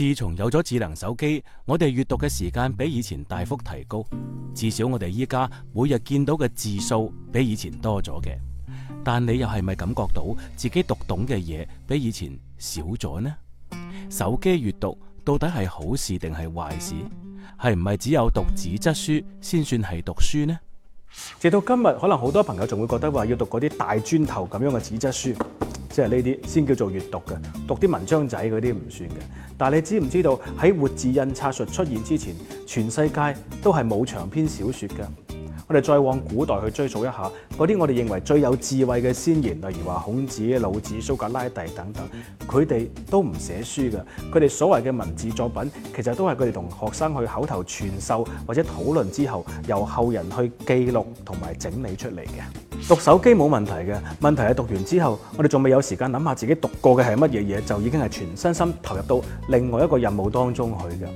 自從有咗智能手機，我哋閱讀嘅時間比以前大幅提高，至少我哋依家每日見到嘅字數比以前多咗嘅。但你又係咪感覺到自己讀懂嘅嘢比以前少咗呢？手機閱讀到底係好事定係壞事？係唔係只有讀紙質書先算係讀書呢？直到今日，可能好多朋友仲會覺得話要讀嗰啲大磚頭咁樣嘅紙質書。即係呢啲先叫做閱讀嘅，讀啲文章仔嗰啲唔算嘅。但係你知唔知道喺活字印刷術出現之前，全世界都係冇長篇小説嘅。我哋再往古代去追溯一下，嗰啲我哋認為最有智慧嘅先賢，例如話孔子、老子、蘇格拉底等等，佢哋都唔寫書嘅。佢哋所謂嘅文字作品，其實都係佢哋同學生去口頭傳授或者討論之後，由後人去記錄同埋整理出嚟嘅。讀手機冇問題嘅，問題係讀完之後，我哋仲未有時間諗下自己讀過嘅係乜嘢嘢，就已經係全身心投入到另外一個任務當中去嘅。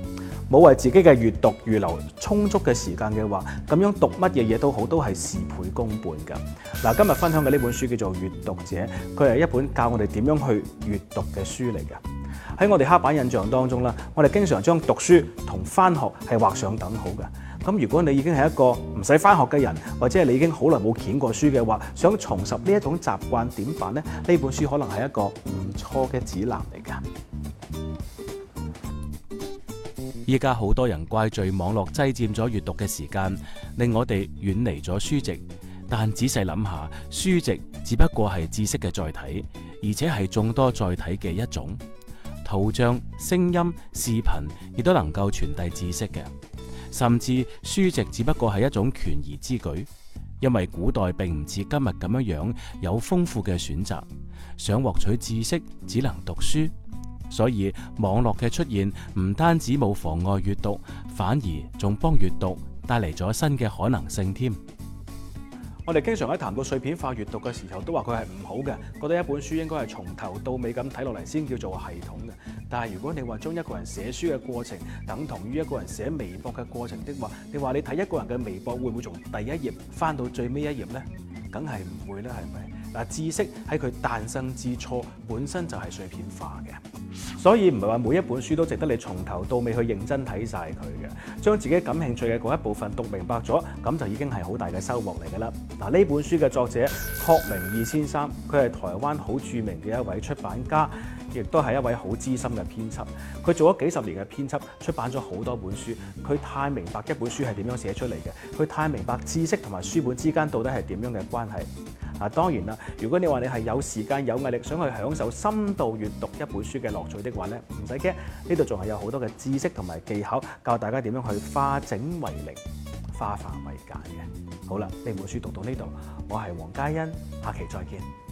冇為自己嘅閱讀預留充足嘅時間嘅話，咁樣讀乜嘢嘢都好，都係事倍功半噶。嗱，今日分享嘅呢本書叫做《越讀者》，佢係一本教我哋點樣去閱讀嘅書嚟嘅。喺我哋黑板印象當中啦，我哋經常將讀書同返學係畫上等號嘅。咁如果你已經係一個唔使返學嘅人，或者你已經好耐冇見過書嘅話，想重拾呢一種習慣點辦呢？呢本書可能係一個唔錯嘅指南嚟噶。依家好多人怪罪網絡擠佔咗閱讀嘅時間，令我哋遠離咗書籍。但仔細諗下，書籍只不過係知識嘅載體，而且係眾多載體嘅一種。圖像、聲音、視頻亦都能夠傳遞知識嘅。甚至書籍只不過係一種權宜之舉，因為古代並唔似今日咁樣有豐富嘅選擇，想獲取知識只能讀書。所以網絡嘅出現唔單止冇妨礙閱讀，反而仲幫閱讀帶嚟咗新嘅可能性添。我哋經常喺談到碎片化閱讀嘅時候，都話佢係唔好嘅，覺得一本書應該係從頭到尾咁睇落嚟先叫做系統嘅。但係如果你話將一個人寫書嘅過程等同於一個人寫微博嘅過程的話，你話你睇一個人嘅微博會唔會從第一頁翻到最尾一頁呢？梗係唔會啦，係咪？知識喺佢誕生之初本身就係碎片化嘅，所以唔係話每一本書都值得你從頭到尾去認真睇晒佢嘅。將自己感興趣嘅嗰一部分讀明白咗，咁就已經係好大嘅收穫嚟㗎啦。嗱、啊，呢本書嘅作者郝明義先生，佢係台灣好著名嘅一位出版家，亦都係一位好資深嘅編輯。佢做咗幾十年嘅編輯，出版咗好多本書。佢太明白一本書係點樣寫出嚟嘅，佢太明白知識同埋書本之間到底係點樣嘅關係。啊，當然啦！如果你話你係有時間、有毅力，想去享受深度閱讀一本書嘅樂趣的話咧，唔使驚，呢度仲係有好多嘅知識同埋技巧教大家點樣去化整為零、化繁為簡嘅。好啦，呢本書讀到呢度，我係黃嘉欣，下期再見。